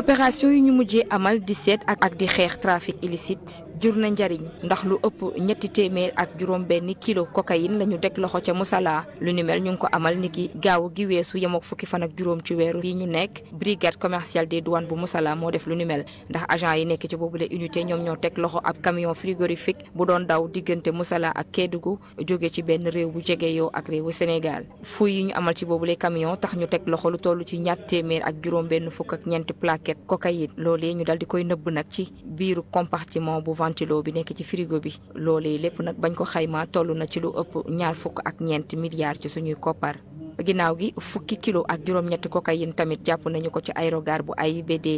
opération yi ñu mujjee amal di seet ak ak di xeex trafic illicite jur na njariñ ndax lu ëpp ñetti téeméer ak juróom benn kilo cocaïne lañu deg loxo ca Musala lu ni ñu ngi ko amal ni ki gaaw gi weesu yemook fukki fan ak juróom ci weeru fii ñu nekk brigade commerciale des douanes bu Musala moo def lu ni mel ndax agent yi nekk ci boobule unité ñoom ñoo teg loxo ab camion frigorifique bu doon daw diggante Musala ak Kédougou jóge ci benn réew bu jege yow ak réewu Sénégal fuy yi ñu amal ci boobu boobule camion tax ñu teg loxo lu toll ci ñaat téeméer ak juróom benn fukk ak ñeenti plaquette cocaïne loolee ñu dal di koy nëbb nag ci biiru compartiment bu ventilo bi nekk ci firigo bi loolee lépp nag bañ ko xaymaa toll na ci lu ëpp ñaar fukk ak ñeenti milliards ci suñuy koppar ginnaaw gi fukki kilo ak juróom-ñetti cocaïne tamit jàpp nañu ko ci aérogare bu ay AIBD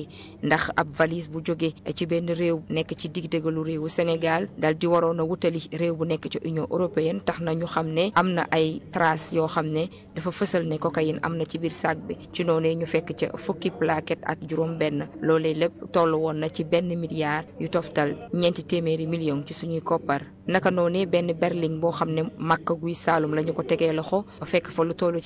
ndax ab valise bu jóge ci benn réew nekk ci digdégalu réewu Sénégal dal di waroon a wutali réew bu nekk ci Union européenne tax na ñu xam ne am na ay traces yoo xam ne dafa fësal ne cocaïne am na ci biir sac bi ci noonu ñu fekk ca fukki plaquette ak juróom-benn loolee lépp toll woon na ci benn milliard yu toftal ñeenti téeméeri million ci suñuy koppar naka noonu benn berline boo xam ne màkk guy Saalum lañu ko tegee loxo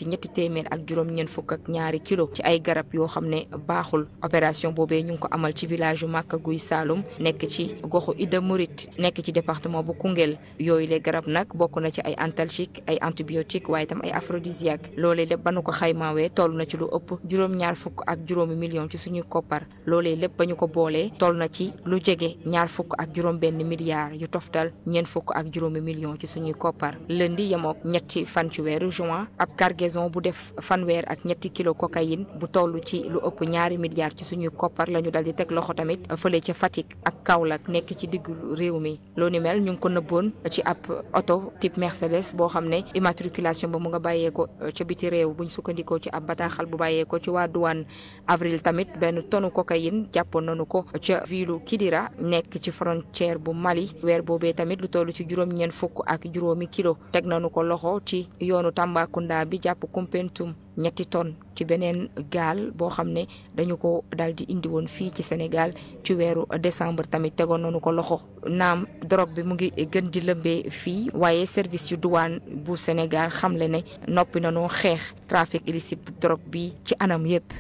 ci ñetti ak juróom ñeent fukk ak ñaari kilo ci ay garab yoo xam ne baaxul opération boobee ñu ngi ko amal ci village yu Màkka Guy Saalum nekk ci goxu Ida Murit nekk ci département bu Koungheul yooyu les garab nag bokk na ci ay antalgique ay antibiotique waaye tam ay aphrodisiaque loole lépp ba nu ko xaymaawee toll na ci lu ëpp juróom-ñaar fukk ak juróomi million ci suñuy koppar loolee lépp ba ko boolee toll na ci lu jege ñaar fukk ak juróom benn milliard yu toftal ñeent fukk ak juróomi million ci suñuy koppar lundi yemook ñetti fan ci weeru juin ab cargaison livraison bu def fanweer ak ñetti kilo cocaïne bu tollu ci lu ëpp ñaari milliards ci suñuy koppar la ñu dal di teg loxo tamit fële ca Fatick ak Kaolack nekk ci diggu réew mi. loo ni mel ñu ngi ko nëbboon ci ab oto type Mercedes boo xam ne immatriculation ba mu nga bàyyeeko euh, ca biti réew buñ sukkandikoo ci ab bataaxal bu bàyyeeko ci waa douane avril tamit benn tonu cocaïne jàppoon nañu ko ca vilu Kidira nekk ci frontière bu Mali weer boobee tamit lu toll ci juróom-ñeent fukk ak juróomi teg nañu ko bu Koumpentoum ñetti ton ci beneen gaal boo xam ne dañu ko daal di indi woon fii ci Sénégal ci weeru décembre tamit tegoon nañu ko loxo naam drogue bi mu ngi gën di lëmbee fii waaye service yu duwaan bu Sénégal xamle ne noppi nañoo xeex trafic illicite bu drogue bi ci anam yépp